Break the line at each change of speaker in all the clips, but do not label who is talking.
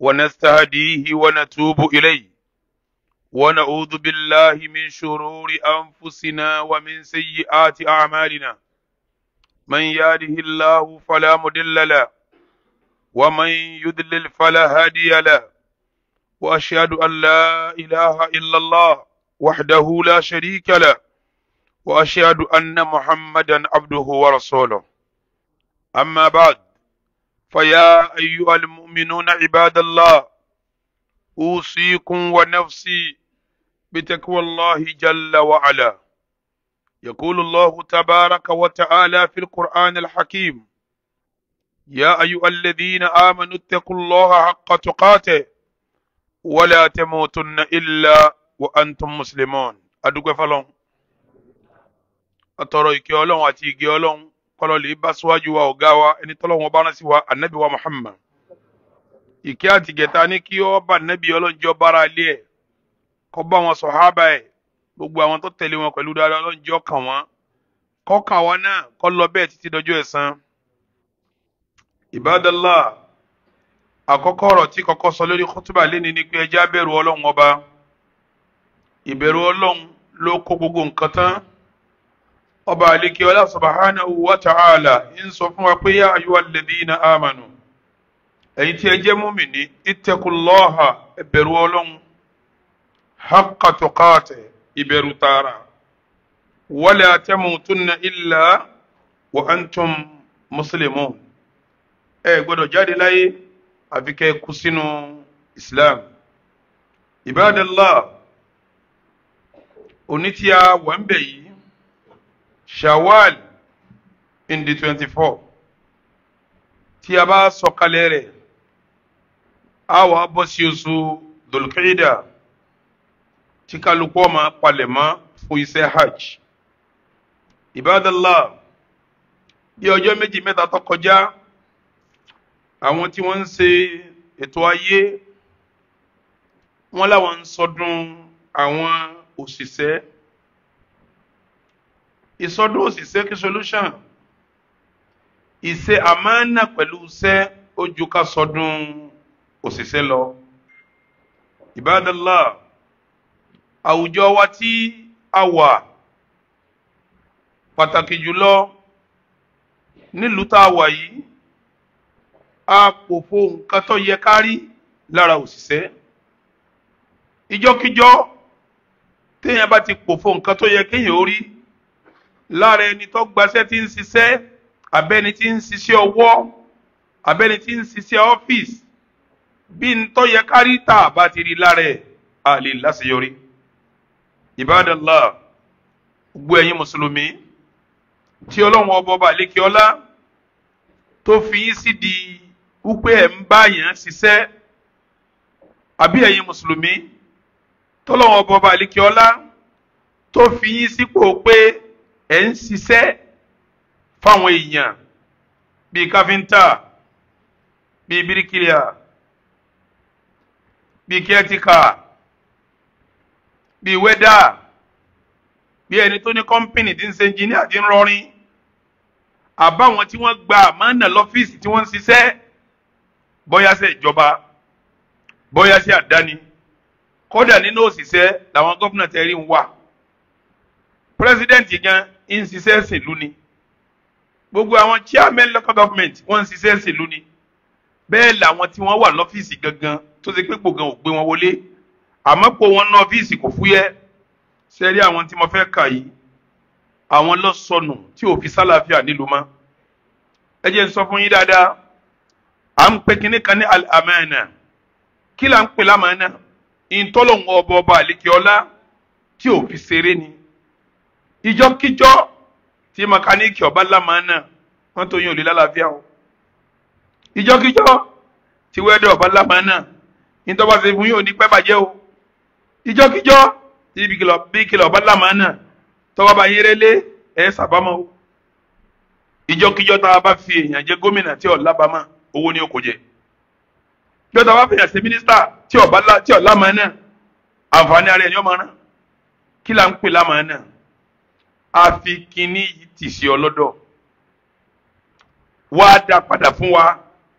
ونستهديه ونتوب إليه ونعوذ بالله من شرور أنفسنا ومن سيئات أعمالنا من يهده الله فلا مضل له ومن يضلل فلا هادي له وأشهد أن لا إله إلا الله وحده لا شريك له وأشهد أن محمدا عبده ورسوله أما بعد فيا أيها المؤمنون عباد الله أوصيكم ونفسي بتقوى الله جل وعلا يقول الله تبارك وتعالى في القرآن الحكيم يا أيها الذين آمنوا اتقوا الله حق تقاته ولا تموتن إلا وأنتم مسلمون أدوك فلون أتروي كيولون أتيجيولون kọlọlì bá síwájú wa ọ̀gá wa ẹni tọ́lọ́wọ́n bá rán sí wa ànábì wa Muhammad ìkẹ́ àti gẹ̀ta ní kí ọ bá ànábì ọlọ́njọ́ bára ilé ẹ̀ kọ́ bá wọn sàhábà ẹ̀ gbogbo àwọn tó tẹ̀lé wọn pẹ̀lú dáadáa ọlọ́njọ́ kàn wọ́n kọ́ kàn wọ́n náà kọ́ lọ bẹ́ẹ̀ títí dọjọ́ ẹ̀san. Ibadallah àkọ́kọ́ ọ̀rọ̀ tí kọ́kọ́ sọ lórí kútúbà lẹ́ni ni pé ẹjá bẹ̀rù ọlọ́run ọba ìbẹ̀rù ọlọ́run ló kó gbogbo nǹkan tán ọba àlekè ọlá subhanahu wa ta'ala ń sọ fún wa pé yá ayyuhal ladina amanu ẹ̀yin tí ẹ jẹ́ múmìnì ittaqullaha ẹ bẹ̀rù ọlọ́run haqqa tuqati ìbẹ̀rù tààrà wala tamutunna illa wa antum muslimun ẹ gbọ́dọ̀ jáde láyé àfi kẹ́ ẹ kú sínú islam ibadallah oní wà ń bẹ̀ yìí shawwal in the twenty four tí a bá sọ̀kalẹ̀ rẹ̀ a wà bọ́ sí oṣù dolkida tí kálukú ọmọ palẹ̀ mọ́ fún iṣẹ́ hajj ibadallah bí ọjọ́ méjì mẹ́ta tó kọjá àwọn tí wọ́n ń ṣe ètò ayé wọ́n láwọn ń sọdún àwọn òṣìṣẹ́ ìsọdún òṣìṣẹ́ kí solution ìṣe àmánà pẹ̀lú iṣẹ́ ojú ká sọdún òṣìṣẹ́ lọ ìbádàlá àwùjọ wa tí a wà pàtàkì jùlọ nílùú tá a wà yìí a pòfo nǹkan tó yẹ ká rí lára òṣìṣẹ́ ìjọ́kíjọ́ téèyàn bá ti pòfo nǹkan tó yẹ kéèyàn ó rí lára ẹni tó gbaṣẹ́ tí ń ṣiṣẹ́ abẹ́ni tí ń ṣiṣẹ́ ọwọ́ abẹ́ni tí ń ṣiṣẹ́ ọ́fíìsì bí n tó yẹ kárí tà bá ti rí lára ẹ̀ a lè láṣeyọrí. ìbádàlá gbogbo ẹ̀yin mùsùlùmí tí ọlọ́run ọba ọba àlékè ọlá tó fi yín sí di wípé ẹ̀ ń bá yẹn ṣiṣẹ́ àbí ẹ̀yin mùsùlùmí tọ́lọ́run ọba ọba àlékè ọlá tó fi yín sípò pé ẹ̀ ń ṣiṣẹ́ fáwọn èèyàn bíi káfíńtà bíi bíríkìlíà bíi kẹ́tíkà bíi wẹ́dà bíi ẹni tó ní kọ́ńpìnì tí ń ṣe ẹnjìníà tí ń rọrin àbáwọn tí wọ́n gba àmánà lọ́fíìsì tí wọ́n ń ṣiṣẹ́ bóyá ṣe ìjọba bóyá ṣe àdáni kódà nínú òṣìṣẹ́ làwọn gómìnà tẹ̀rí ń wà pírẹsidẹ́ǹtì gan ń ṣiṣẹ́ ṣèlú ni gbogbo àwọn chairman local government wọ́n ń ṣiṣẹ́ ṣèlú ni bẹ́ẹ̀ làwọn tí wọ́n wà lọ́fíìsì gangan tó ṣe pé pò gan ò gbé wọn wọlé àmọ́ pò wọn ná ọ́fíìsì kò fúyẹ́ sẹ́rí àwọn tí mo fẹ́ kà yìí àwọn lọ tí ò fi sálàáfíà nílùú mọ́ ẹ jẹ́ n sọ fún yín dáadáa à ń pè kínní kan ní al-amana kí là ń pè lámàánà ìtọ́lọ̀hún ọba ọba àlekè tí ò fi ṣeré ni ìjọkíjọ tí mẹkáníìkì ọba lámàánà mọ́tò yín ò lè lálàáfíà o ìjọkíjọ tí wẹ́dọ̀ ọba lámàánà ìtọ́ba ṣe fún yín ò ní pẹ́ bàjẹ́ o ìjọkíjọ tí bíkìlọ̀ ọba lámàánà tọ́wọ́ bá yẹrẹ lé ẹ̀ sàbámọ́ o ìjọkíjọ tá a bá fi èèyàn jẹ gómìnà tí ó lábàámà owó ni ó kò jẹ ìjọ tá a bá fi èèyàn ṣe mínísítà tí ó bá lá tí ó lámàánà àǹfààní ara ẹ̀ ni ó máa rán kí là ń pè lámàánà a fi kinní yìí tì sí ọ lọ́dọ̀ wá dá padà fún wa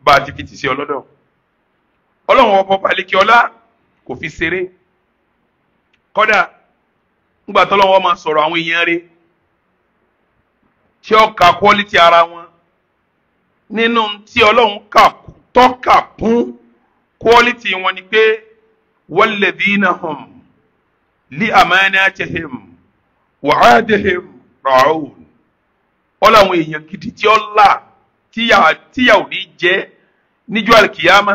bá a ti fi tì sí ọ lọ́dọ̀ ọlọ́run ọ̀pọ̀ pàlíkì ọlá kò fi ṣeré kọ́dà ńgbà tọ́lọ́wọ́ máa sọ̀rọ̀ àwọn èèyàn rẹ̀ tí ó ka quality ara wọn nínú tí ọlọ́run tọ́ka kún quality wọn ni pé walladhina hum li amanatihim. wàhádìhìm ràún wọn làwọn èèyàn gidi tí ó là tíyà ò ní jẹ níjọ́ àlùkìyàmá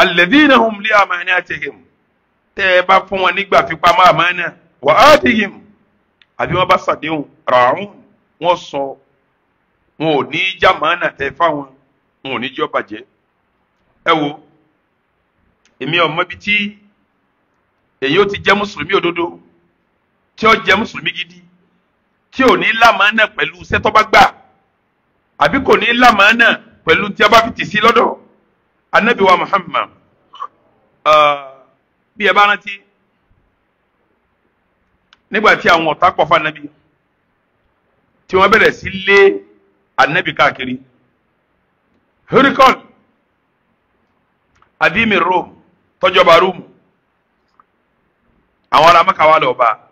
alladhina hum li amanatihim tẹ bá fún wọn nígbà fipamọ́ àmánà wàhádìhìm àbí wọn bá ṣàdéhùn ràún wọn sọ wọn ò ní ti ododo? tí ó jẹ́ mùsùlùmí gidi tí ò ní lámàánà pẹ̀lú iṣẹ́ tó bá gbà àbí kò ní lámàánà pẹ̀lú tí a bá fi tì sí lọ́dọ̀ anabi wa muhammad bí ẹ bá rántí nígbà tí àwọn ọ̀tá pọ̀ fún anabi tí wọ́n bẹ̀rẹ̀ sí lé anabi káàkiri hurricane adimi rome tọjọba rome àwọn ará wà lọ bá a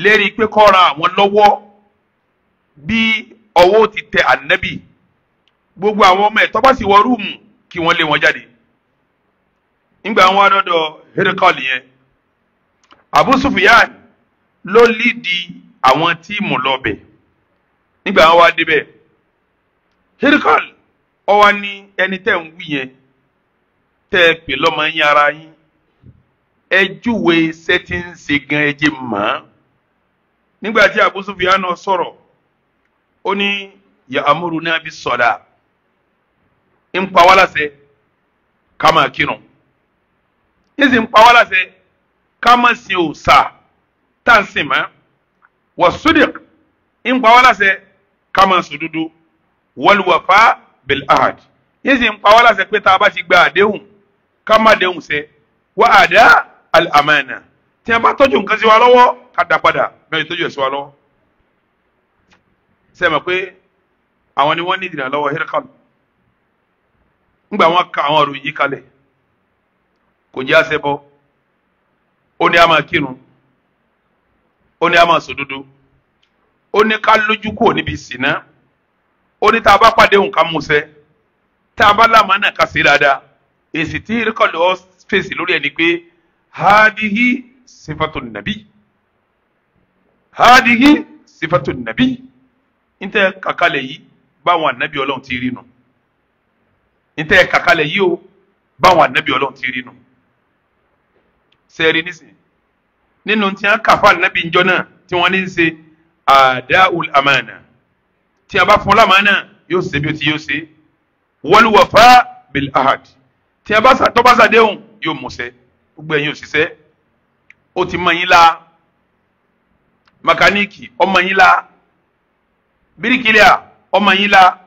lérí pé kọ́ra àwọn lọ́wọ́ bí ọwọ́ ti tẹ ànábì gbogbo àwọn ọmọ ẹ̀ tọ́ bá sì wọ rúùmù kí wọ́n lé wọn jáde nígbà wọn adọ́dọ̀ Herikal yẹn Abu Sufyan ló lídi àwọn tíìmù lọ́bẹ̀ nígbà wọn wá débẹ̀ Herikal ó wá ẹni tẹ́ ń wí yẹn tẹ́ ẹ pè lọ́mọ yín ara yín ẹ júwe iṣẹ́ ń ṣe gan ẹ jẹ́ mọ́ ọ́ nígbà tí Abu Sufyan sọ̀rọ̀ ó ní ya'muruna bis-sala ń pa wá láṣẹ ká máa kírun ń sì ń pa wá láṣẹ ká máa sin òòṣà tá à sìn mọ́ was-sidq ń pa wá láṣẹ ká máa sòdodo wal-wafa bil-ahad ń sì ń pa wá láṣẹ pé tá a bá ti gba àdéhùn ká má déhùn ṣẹ wa ada al-amana tí a bá tọ́jú nǹkan sí wa lọ́wọ́ ká dá padà. mẹ́rin tó jù ẹ̀sùn wa lọ́wọ́ ma pé ni wọ́n ní ìdìrà lọ́wọ́ hẹ́rẹ́kàlù ńgbà wọn ka àwọn ọ̀rọ̀ yìí kalẹ̀ kò jẹ́ àṣẹ bọ́ ó ní a máa kírun ó ní a máa sòdodo ó ní ká lójú kúrò níbi ìsìná ó ní tá a bá pàdé nǹkan musẹ tá a bá lámà náà sí dáadáa hadihi sifatu nabi, ntẹ kakalẹ̀ yìí báwọn ànábì ọlọ́run ti rí nu ntẹ kakalẹ̀ yìí o báwọn ànábì ọlọ́run ti rí nu sẹ́ẹ̀rì nísìnyí nínú tí wọ́n kà fún ànábì ńjọ́ náà tí wọ́n ní í ṣe àdáhùn àmàna tí a bá fún lámàna ti yóò ṣe wal wafa bil ahad tí a bá sàtọ́ bá sàdéhùn yóò mú ṣẹ gbogbo ẹ̀yin òṣìṣẹ́ ó ti mọ yín la mẹkáníìkì ọmọ yín la bíríkìlíà ọmọ yín la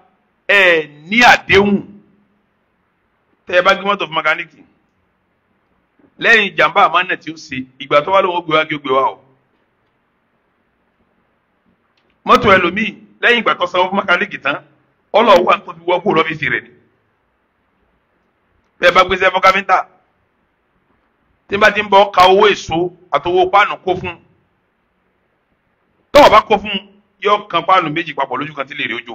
ẹ ní àdéhùn tẹ ẹ bá gbé mọ́tò fún mẹkáníìkì lẹ́yìn ìjàmbá àmánà tí ó ṣe ìgbà tó wà lóun ó gbé wá kí ó gbé wá o mọ́tò ẹlòmíì lẹ́yìn ìgbà tó sanwó fún mẹkáníìkì tán ọlọ́wọ́ àti tóbi wọ́pọ̀ lọ́fíìsì rẹ̀ ni bẹ́ẹ̀ bá gbé sẹ́fọ́ káfíńtà tí n bá ti ń bọ́ ka owó èso àtowó páànù kó fún tọ́wọ́ bá kó fún yọ kan páànù méjì papọ̀ lójú kan tí lè rí ojú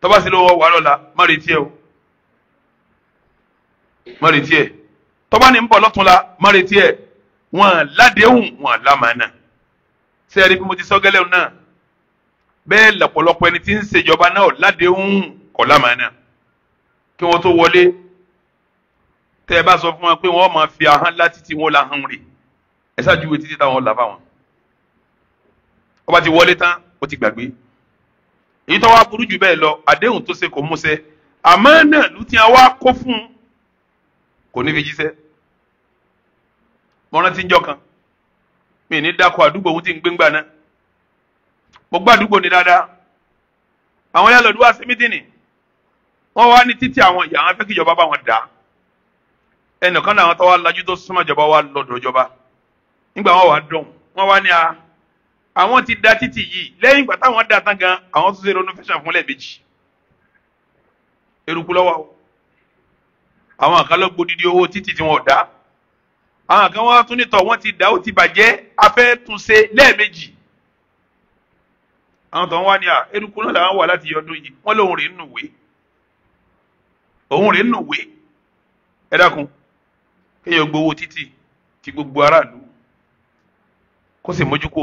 tọ́ba sí lọ́wọ́ wà lọ́la má retí ẹ o má retí ẹ tọ́ba ní ń bọ̀ lọ́túnla má retí ẹ wọn ládéhùn wọn lámàánà sẹ́ẹ̀rí bí mo ti sọ gẹ́lẹ́ náà bẹ́ẹ̀ lọ́pọ̀lọpọ̀ ẹni tí ń ṣèjọba náà ládéhùn kọ̀ lámàánà kí wọ́n tó wọlé tẹ́ ẹ bá sọ fún wọn pé wọ́n máa fi ahọ́n láti tí wọ́n la hàn rè ẹ ṣáàjú wo títí táwọn là fáwọn ó bá ti wọlé tán ó ti gbàgbé èyí tó wá burú jù bẹ́ẹ̀ lọ àdéhùn tó ṣe kò múṣẹ àmọ́ náà ló ti wá kó fún un kò ní fi jíṣẹ́ mo rántí njọ́ kan mi ní dákọ̀ àdúgbò ohun tí ń gbéngbà náà mo gbọ́ àdúgbò ní dáadáa àwọn yálòdú wá sí mítìnì wọ́n wá ní títí àwọn ìyá àwọn afẹ́kí ìjọba bá wọn dà ẹnìkan náà àwọn tó wá lajú tó súnmọ́ ìjọba wá lọ́dọ̀ ìjọba nígbà wọn wà dùn wọ́n wá ní a àwọn ti da títì yìí lẹ́yìn ìgbà táwọn da tán gan àwọn tún ṣe renovation fún lẹ́ẹ̀mejì eruku lọ́wọ́ o àwọn kan ló gbódìdí owó títì tí wọn ò dá àwọn kan wọn tún nítọ̀ wọn ti dá ó ti bàjẹ́ afẹ́ tún ṣe lẹ́ẹ̀mejì àwọn tó ń wá ní à eruku náà làwọn wà láti yọdún yìí wọn lòun rè ń nùwé òun rè ń nùwé ẹ dákun kéèyàn gbowó títì ti gbogbo aráàlú kó sì mójú kó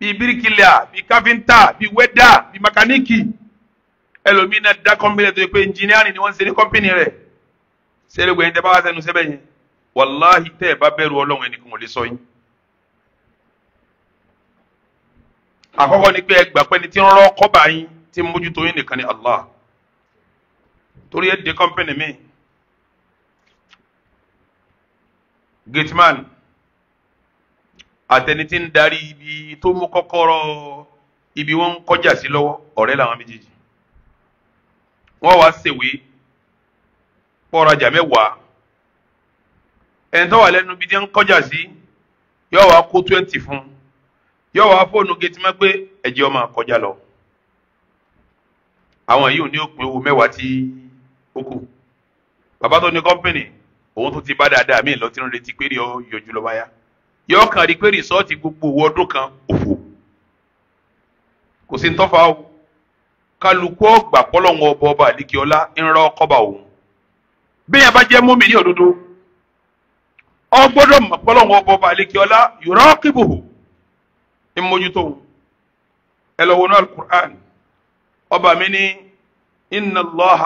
bíi bíríkìlà bíi káfíńtà bíi wẹ́dà bíi mẹkáníìkì ẹlòmíín náà dá kọ́mpínì tó yẹ pé ẹnjìnírìn ni wọ́n ń ṣe ní kọ́mpínì rẹ̀ sẹ́lẹ̀gbẹ̀ yẹn tẹ́ bá wá sẹ́nu sẹ́bẹ̀ yẹn wàláhì tẹ́ ẹ̀ bá bẹ̀rù ọlọ́run ẹnìkan ò lè sọ yín. àkọ́kọ́ ni pé ẹ gbà ni tí ń rọ́ kọ́bà yín tí ń mójútó yín nìkan ni Allah torí ẹ̀ dé kọ́mpínì mi gateman àtẹni tí ń darí ibi tó mú kọ́kọ́rọ́ ibi wọ́n ń kọjá sí lọ́wọ́ ọ̀rẹ́ làwọn méjèèjì wọ́n wá ṣèwé pọ́rajà mẹ́wàá ẹni tó wà lẹ́nu ibi tí ń kọjá sí yóò wá kó twenty fún yóò wá fóònù gétí má pé ẹ̀jẹ̀ ọmọ àkọjá lọ àwọn yìí ò ní òpin owó mẹ́wàá tí ó kù bàbá tó ní kọ́mpìnì òun tó ti bá dáadáa míì lọ tí ń retí pé rí ọ yọjú lọ́wọ́ yá yọ kàn rí pé rìsọ́ọ̀tì gbogbo owó ọdún kan òfò kò sí ntọ́fà o kálukú ọgbà pọ́lọ́wọ́n ọba ọba àdìkíọ́lá ńrọ́ kọ́ba òun bẹ́ẹ̀ yẹn bá jẹ́ mọ́mì ní òdodo ọ gbọ́dọ̀ mọ̀ pọ́lọ́wọ́n ọba ọba àdìkíọ́lá yọ̀rọ̀ kíbòhò ń mójútó òun ẹ lọ wọnú alukur'an ọba mi ní inna Allah,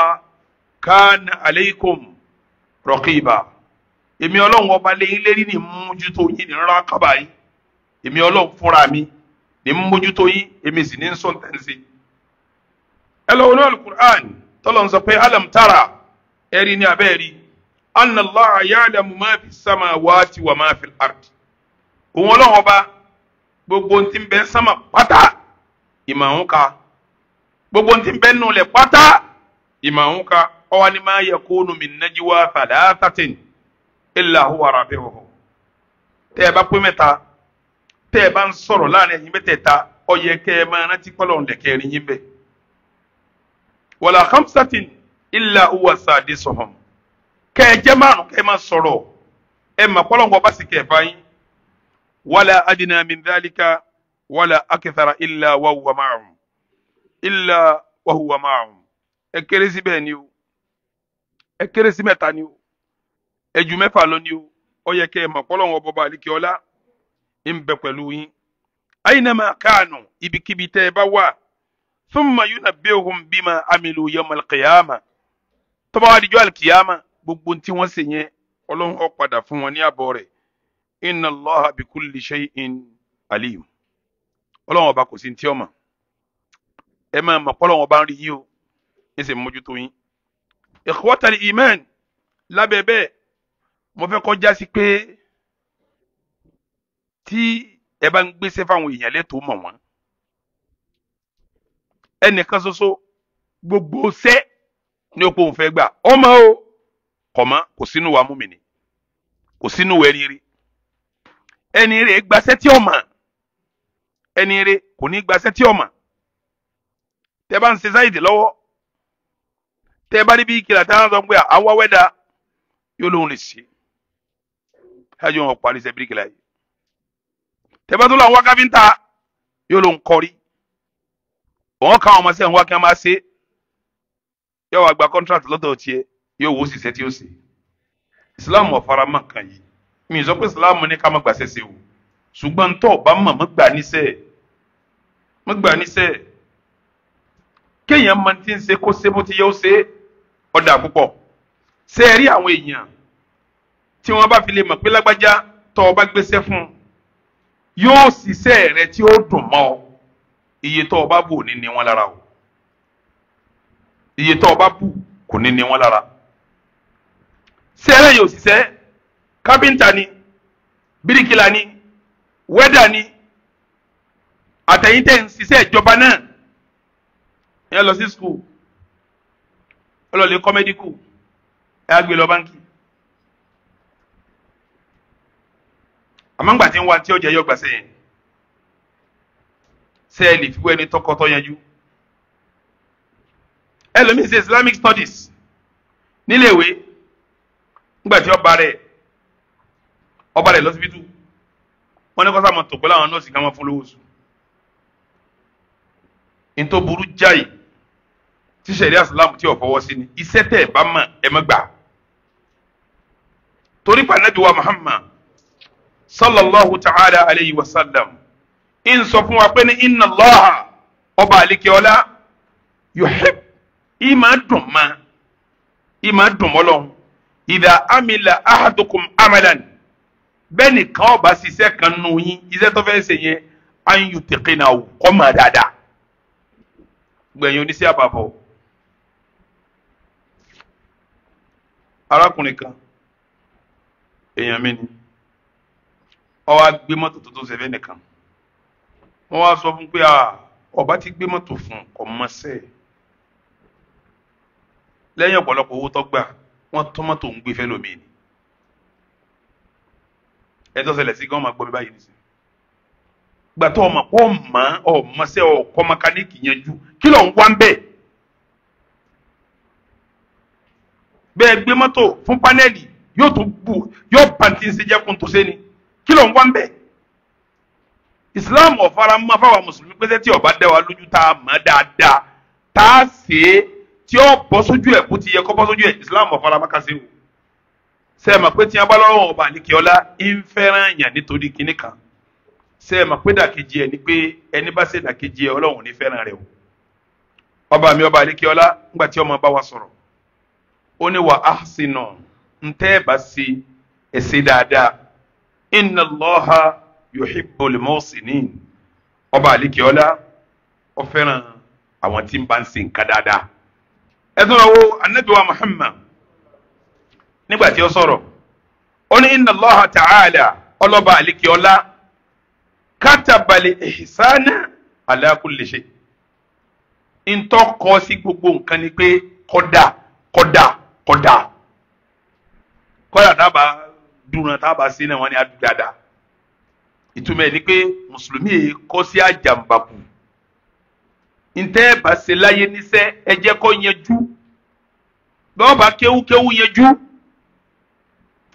kana aleikum raqiba èmi ọlọ́run ọba lẹ́yìn lérí ní mójútó yín ní rán kábà yín èmi ọlọ́run fúnra mi ní mójútó yín èmi sì ní sọ tẹ̀sí. ẹ lọ wọnú alukur'an tọ́lọ̀ ń sọ pé alam tara ẹ̀rí ni abẹ́ rí anna Allaha ya'lamu ma fi samawati wa ma fi al-ardi. òun ọlọ́run ọba gbogbo ti ń bẹ sámà pátá ìmọ̀ òun ka gbogbo ti ń bẹ nù lẹ̀ pátá ìmọ̀ òun ka ọwọ́ ni ma yakunu min najwa thalathatin illa huwa rabi'uhu tẹ́ ẹ bá pé mẹ́ta tẹ́ ẹ bá ń sọ̀rọ̀ láàrin ẹ̀yin mẹ́tẹ̀ẹ̀ta ó yẹ kẹ́ ẹ máa rántí pọ́lọ́run lẹ́kẹ́rin yín bẹ́ẹ̀ wala khamsatin illa huwa sadisuhum kẹ́ ẹ jẹ́ márùn kẹ́ ẹ máa sọ̀rọ̀ ẹ mà pọ́lọ́run ọba sì kẹ́ ẹ bá yín wala adina min dhalika wala akthara illa wa huwa illa wa huwa ẹ kéré sí bẹ́ẹ̀ ni o ẹ kéré sí mẹ́ta ni o ẹju mẹ́fà lọ ni o ó yẹ kẹ́ ẹ mọ̀ pọ́lọ́wọ́n ọbọ̀ balẹ̀kẹ́ ọlá ń bẹ pẹ̀lú yín aynama kanu ibikíbi tẹ́ ẹ bá wà thumma yunabbihum bima amilu yawmal qiyama tó bá wá dijọ́ alkiyama gbogbo tí wọ́n ṣe yẹn ọlọ́run ó padà fún wọn ní àbọ̀ rẹ̀ inna allaha bikulli shay'in alim ọlọ́run ọba kò sí ti ọmọ ẹ máa mọ̀ pọ́lọ́run ọba ń rí yín o ẹ sì mójútó yín ikhwatal iman lábẹ́ bẹ́ẹ̀ mo fẹ́ kọjá sí pé tí ẹ bá ń gbéṣẹ́ fáwọn èèyàn lẹ́tọ̀ọ́ mọ̀ wọ́n ẹnìkan ṣoṣo gbogbo ṣẹ́ ní opó òun fẹ́ gbà ọmọ o kọ̀mọ́ kò sínú wa mú mi ni kò sínú wa ẹnìire ẹnìire gbaṣẹ́ tí ọmọ ẹnìire kò ní gbaṣẹ́ tí ọmọ tẹ bá ń ṣe sáyidì lọ́wọ́ tẹ bá rí bí kìlà tí wọ́n sọ pé àwa wẹ́dà yóò lóun lè ṣe ẹjọ wọn parí iṣẹ́ bíríkìlà yìí tẹbẹtọ lọ àwọn káfíńtà yóò ló ń kọrí òun ká àwọn ọmọ sẹ́yìn wá kí wọ́n máa yóò wá gba contract lọ́tọ̀ tiẹ̀ yóò wó sì sẹ́tí ó sì islam ọ̀fara mọ̀ kàn yìí mi sọ pé islam ní ká má gbàṣẹ́ ṣe o ṣùgbọ́n tó o bá mọ̀ mọ́ gbà níṣẹ́ mọ́ gbà níṣẹ́ kéèyàn máa ti ń kó ṣe ti yẹ ó ṣe ọ̀dà púpọ̀ ṣe àwọn èèyàn tí wọ́n bá fi lè mọ̀ pé lágbájá tọ́ ọ bá gbéṣẹ́ fún un yóò ṣiṣẹ́ rẹ tí ó dùn mọ́ ọ iye tọ́ ọ bá bù ní ni wọ́n lára o iye tọ́ ọ bá bù kò ní ni wọ́n lára sẹ́rẹ̀ yóò ṣiṣẹ́ kábíntà ni bíríkìlà ni wẹ́dà ni àtẹ̀yìntẹ̀ ń ṣiṣẹ́ ìjọba náà ẹ lọ sí skul ẹ lọ lé kọ́mẹ́díkù ẹ á gbé lọ báńkì Amang'bati tí ń wa tí ó jẹ́ yọ gbà sẹ́yìn sẹ́ẹ̀lì fíwọ́ ẹni tọkọtọ yanjú ẹlòmíín ṣe Islamic studies níléèwé ńgbà tí ọba rẹ̀ ọba rẹ̀ lọ́sibítù wọ́n ní kọ́ sáà mọ̀ tó pẹ̀lú àwọn nọ́ọ̀sì kan máa fún lówó sùn ntó burú jáì tí sẹ̀rí àsìlámù tí ò fọwọ́ sí ni iṣẹ́ tẹ̀ bá mọ̀ ẹ̀ mọ́ gbà torí pé Ànábì wa Muhammad sallallahu ta'ala alayhi wa sallam in sọ fún wa pé ní inna Allaha ọba àlekèọlá yuhib ìmà dùn ma ìmà dùn mọ́lọ́ idha amila ahadukum amalan bẹ́ẹ̀ nìkan ọba ṣiṣẹ́ kan nù yín iṣẹ́ tó fẹ́ ṣe yẹn an yutqina kọ́ mà dáadáa gbẹ̀yìn oníṣẹ́ àbàbọ̀ arákùnrin kan èèyàn mi ni ó wá gbé mọ́tò tó tó sẹ́fẹ́ nìkan wọ́n wá sọ fún pé ọba ti gbé mọ́tò fún ọmọọṣẹ́ lẹ́yìn ọ̀pọ̀lọpọ̀ owó tó gbà wọ́n tọ́ mọ́tò ń gbé fẹ́ lómi ni ẹ tó ṣẹlẹ̀ sí kí wọ́n máa gbọ́ mi báyìí nìsín gbà tó ọmọ pọ̀ mọ́ ọmọọṣẹ́ ọkọ mẹkáníìkì yanjú kí ló ń wá ń bẹ̀ bẹ́ẹ̀ gbé mọ́tò fún pánẹ́ẹ̀lì yóò tún bù yóò pàǹtí ń ṣe jẹ́kùn tó ṣe ni kí ló ń wá ń bẹ̀ islam ọ̀fara mọ́ fáwọn mùsùlùmí pé tí ọba dá wa lójú tá a mọ̀ dáadáa tá a ṣe é tí ó bọ́ sójú ẹ̀ bó ti yẹ kó bọ́ sójú ẹ̀ islam ọ̀fara mọ́ kásẹ̀ wò sẹ́ẹ̀mà pé tí a bá lọ́wọ́ ọba àníkíọ́lá ń fẹ́ràn yàn nítorí kinní kan sẹ́ẹ̀mà pé dàkejì ẹ̀ ni pé ẹni bá ṣe dàkejì ẹ̀ ọlọ́run ní fẹ́ràn rẹ̀ o ọba mi ọba àníkíọ́lá ńgbà tí ọmọ bá wa sọ̀rọ̀ ó ní wà á sí nà ń tẹ́ ẹ̀ bá ṣe ẹ̀ ṣe dáadáa inna Allaha yuhibbul muhsinin ọba àlekèọ́lá ó fẹ́ràn àwọn tí ń bá ń ṣe nǹkan dáadáa ẹ tún lọ wo anabi wa Muhammad nígbà tí ó sọ̀rọ̀ ó ní inna Allaha ta'ala ọlọ́ba àlekèọ́lá katabali ihsana ala kulli shay ntọ́ sí gbogbo nǹkan ni pé kódà kódà kódà kódà dábàá dúran tábà sí náà wọ́n ní adùn dáadáa ìtumọ̀ ẹ̀ ni pé mùsùlùmí yìí kọ́ sí àjàmbàkù ntẹ́ bá ṣe láyé níṣẹ́ ẹ jẹ́ kó yanjú bọ́ọ̀ bá kéwú kéwú yanjú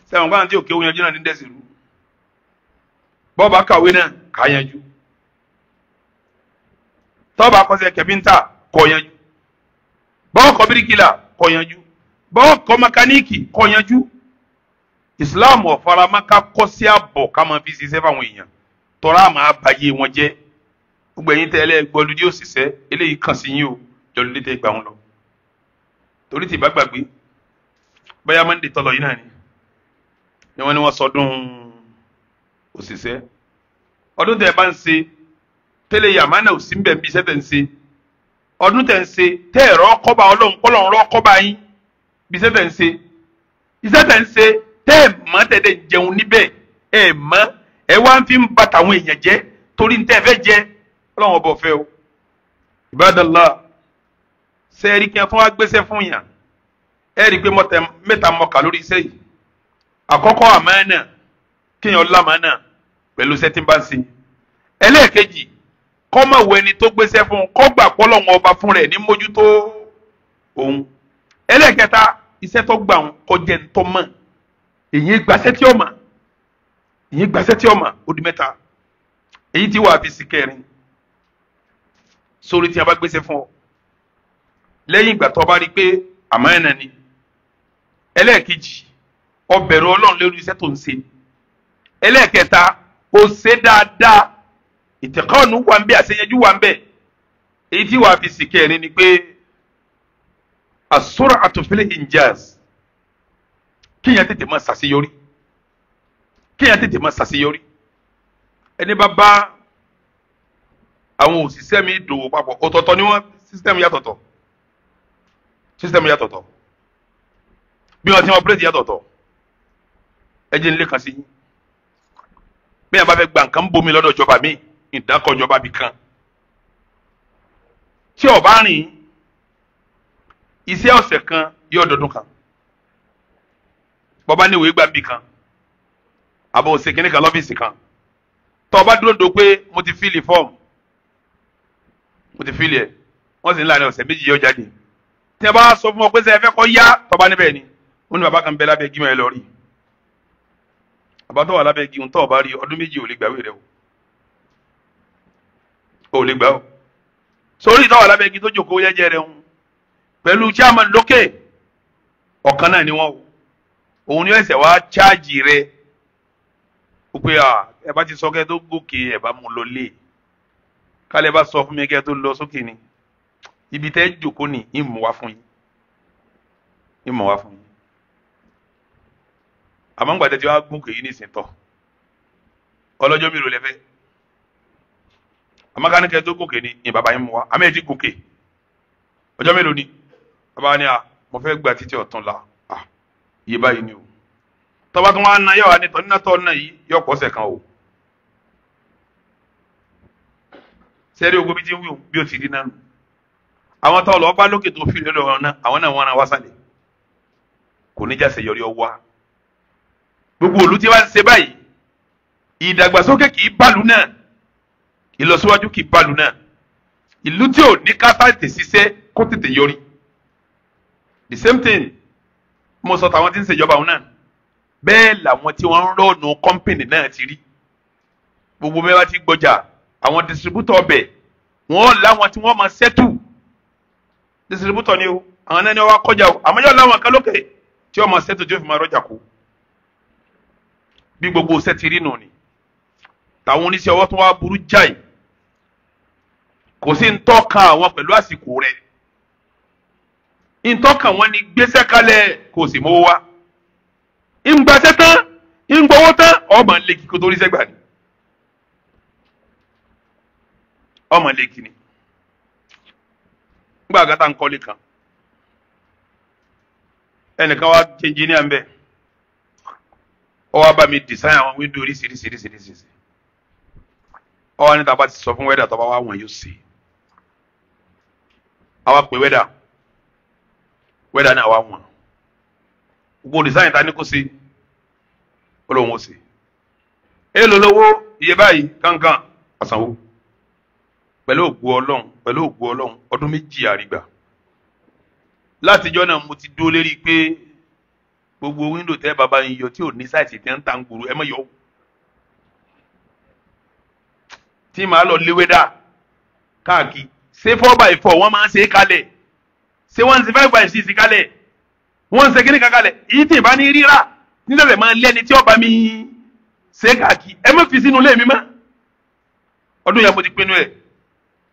sẹ́wọ̀n gbọ́dọ̀ tí ò kéwú yanjú náà ní dẹ́sí rú bọ́ọ̀ bá kàwé náà kà yanjú tọ́ọ̀bà kọ́sẹ̀ kẹ́bíntà kọ́ yanjú bọ́ọ̀ kọ́ bíríkìlà kọ́ yanjú bọ́ọ̀ kọ́ mẹkáníìkì islam ọ̀farama ká kọ́ sí àbọ̀ ká máa fi ṣiṣẹ́ fáwọn èèyàn tọ́ra àmọ́ àbáyé wọn jẹ́ gbogbo ẹ̀yin tẹ́lẹ̀ gbọ́lúdé òṣìṣẹ́ eléyìí kàn sí yín o jọlúdé tẹ́ gbà wọn lọ torí tí ìbá gbàgbé bóyá monday tọ́lọ̀ yìí náà ni ni wọ́n ní wọ́n sọdún òṣìṣẹ́ ọdún tẹ́ ẹ bá ń ṣe tẹ́lẹ̀ yàmá náà ò sí ń bẹ̀ ń bí iṣẹ́ tẹ́ ń ṣe ọdún tẹ́ ń ṣe tẹ́ ẹ̀rọ kọ́ba ọlọ́run kọ́lọ́run rọ́ kọ́ba yín bí iṣẹ́ tẹ́ ń ṣe iṣẹ́ tẹ́ ń ṣe tẹ́ ẹ̀ mọ́ tẹ́lẹ̀ jẹun níbẹ̀ ẹ̀ mọ́ ẹ wá ń fi ń ba tàwọn èèyàn jẹ́ torí ń tẹ́ ẹ fẹ́ jẹ ọlọ́run ọbọ̀ fẹ́ o ìbádọ́lá sẹ́ẹ̀rí kí wọ́n tún wá gbéṣẹ́ fún yàn ẹ̀ rí i pé mẹ́ta mọ̀ọ́kà lórí iṣẹ́ yìí àkọ́kọ́ àmánà kéèyàn lámánà pẹ̀lú iṣẹ́ tí ń bá ń ṣe ẹlẹ́ẹ̀kejì kọ́mọ̀wé ẹni tó gbéṣẹ́ fún un kọ́gbà pọ́lọ́wọ́n ọba fún rẹ̀ ní mójútó òun ẹlẹ́ẹ̀kẹta iṣẹ́ tó gbà òun kọjá ń tọ́ mọ́ èyí gbaṣẹ́ tí ó mà èyí gbaṣẹ́ tí ó mà ó di mẹ́ta èyí tí wà á fi sí kẹrin sórí tí a bá gbéṣẹ́ fún ọ lẹ́yìn ìgbà tó bá rí i pé àmọ́ ẹ̀nà ni ẹlẹ́ẹ̀kejì ó bẹ̀rù ọlọ́run lórí iṣẹ́ tó ń ṣe ẹlẹ́ẹ̀kẹta ó ṣe dáadáa ìtẹ̀kọ́ọ̀nù wà ń bẹ àṣeyẹjú wà ń bẹ èyí tí wà á fi sí kẹrin ni pé àsúrà àtòfẹ́lẹ́ injaz kéèyàn tètè máa ṣàṣeyọrí kéèyàn tètè máa ṣàṣeyọrí ẹni bá bá àwọn òṣìṣẹ́ mi dòwò papọ̀ ọ̀tọ̀ọ̀tọ̀ ni wọ́n sísítẹ́mù yàtọ̀tọ̀ sísítẹ́mù yàtọ̀tọ̀ bí wọ́n ti wọ́n pírẹ́tì yàtọ̀tọ̀ ẹ jẹ́ nílé kan sí yín bí wọ́n bá fẹ́ gba nǹkan bomi lọ́dọ̀ ìjọba mi ìdákọ̀jọba bì kan tí ó bá rìn iṣẹ́ ọ̀sẹ̀ kan yóò dọdún kan bọ́bá ní ìwé gbàmbì kan àbọ̀ òsè kínní kan lọ́fíìsì kan tọ́ ọba dúró do pé mo ti fíìlì fọ́ọ̀mù mo ti fíìlì ẹ̀ wọ́n sì ń láàrin ọ̀sẹ̀ méjì yọ jáde tí a bá sọ fún ọ pé sẹ́ ẹ fẹ́ kọ́ yá tọ́ba níbẹ̀ ni ó ní bàbá kan bẹ lábẹ́ gímọ̀ ẹ lọ rí bàbá tó wà lábẹ́ gímọ̀ tọ́ ọba rí ọdún méjì ò lè gbàwé rẹ o ò lè gbà o sórí tọ́ wà lábẹ́ gímọ̀ tó jòkó yẹ́jẹ́ rẹ ń pẹ̀lú chairman lókè ọ̀kan náà ni wọ́n o òun ni ẹsẹ̀ wá cháàjì rẹ ó pé ẹ bá ti sọ kẹ́ tó gòkè ẹ bá mú lọ lé kálẹ̀ bá sọ fún mi kẹ́ tó lọ sókè ni ibi tẹ́ jòkó ni ìmú wá fún yín ìmú wá fún yín àmọ́ gòkè yìí nísìnyí tọ̀ ọlọ́jọ́ mi rò lẹ́fẹ́ àmọ́ ká kẹ́ tó gòkè ni ìbàbá yín mú wá àmọ́ ẹ̀ ti gòkè ọjọ́ mélòó ni bàbá ni à mo fẹ́ gbà títí ọ̀tún la iye báyìí ni o tọ́ba tó wá ná yọ̀ wá ní tọ́ nínú tọ́ náà yìí yọ̀ pọ̀ sẹ̀ kan o sẹ́rí ogun bí ti wí bí o ti rí náà àwọn táwọn lọ́ọ́ bá lókè tó fìlẹ̀ lọ́wọ́ náà àwọn náà wọ́n ra wá sálẹ̀ kò ní jásẹ̀ yọrí ọwọ́ wa gbogbo òlu tí wàá ṣe báyìí ìdàgbàsókè kì bàlù náà ìlọsíwájú kì bàlù náà ìlú tí ò ní ká tètè ṣiṣẹ́ kó tètè yọrí the same thing mo sọ tàwọn tí ń ṣèjọba òun náà bẹ́ẹ̀ làwọn tí wọ́n ń rọ́ọ̀nù kọ́ńpìnì náà ti rí gbogbo bẹ́ẹ̀ bá ti gbọ́jà àwọn distributọ̀ ọbẹ̀ wọ́n làwọn tí wọ́n máa ṣẹ́tù distributọ̀ ni o àwọn náà ni wọ́n wá kọjá o àmọ́ yóò láwọn kan lókè tí wọ́n máa ṣẹ́tù tí wọ́n fi máa rọ́jà kó bí gbogbo ṣẹ́ ti rí nù ni tàwọn oníṣẹ́ ọwọ́ tó wá burú jáì kò sí ń tọ́ ka àwọn pẹ̀lú àsìkò rẹ̀ ntọ́kàn wọn ni gbéṣẹ́ kalẹ̀ kò sì mówó wá ńgbàṣẹ́ tán ńgbọ́wọ́ tán ọmọ lèkì kó tó sẹ́gbà ni ọmọ lèkì ni ńgbà àgàtà ń kan ẹnìkan wá ti ọ wá mi dìsáyà àwọn wíńdò oríṣiríṣiríṣiríṣi ọ wá bá ti sọ fún wẹ́dà tó bá wà wọ̀nyí pè wẹ́dà. wẹ́dà ní àwa wọn gbogbo design ta ni kò sí olóhùn ó sì èèlò lówó iye báyìí kankan àsanwó pẹ̀lú ògbó ọlọ́run pẹ̀lú ògbó ọlọ́run ọdún méjì àrígbà látijọ́ náà mo ti dúró lérí pé gbogbo windo tẹ́ bàbá yín yọ tí ò ní sáìsì tẹ́ ń ta ń gbòòrò ẹ mọ̀ yọ ọ́ tí màá lọ léwé dà káàkiri ṣé four by four wọ́n máa ń ṣe é kalẹ̀. Se one sixty five by six kalẹ̀ wọ́n ń ṣe kíní kankalẹ̀ yìí tí ìbá ní rírà nítorí máa ń lẹ́ni tí ọba mi ṣe kàkí ẹ má fi sínú lé mi mọ́ ọdún yẹn mo ti pinnu ẹ̀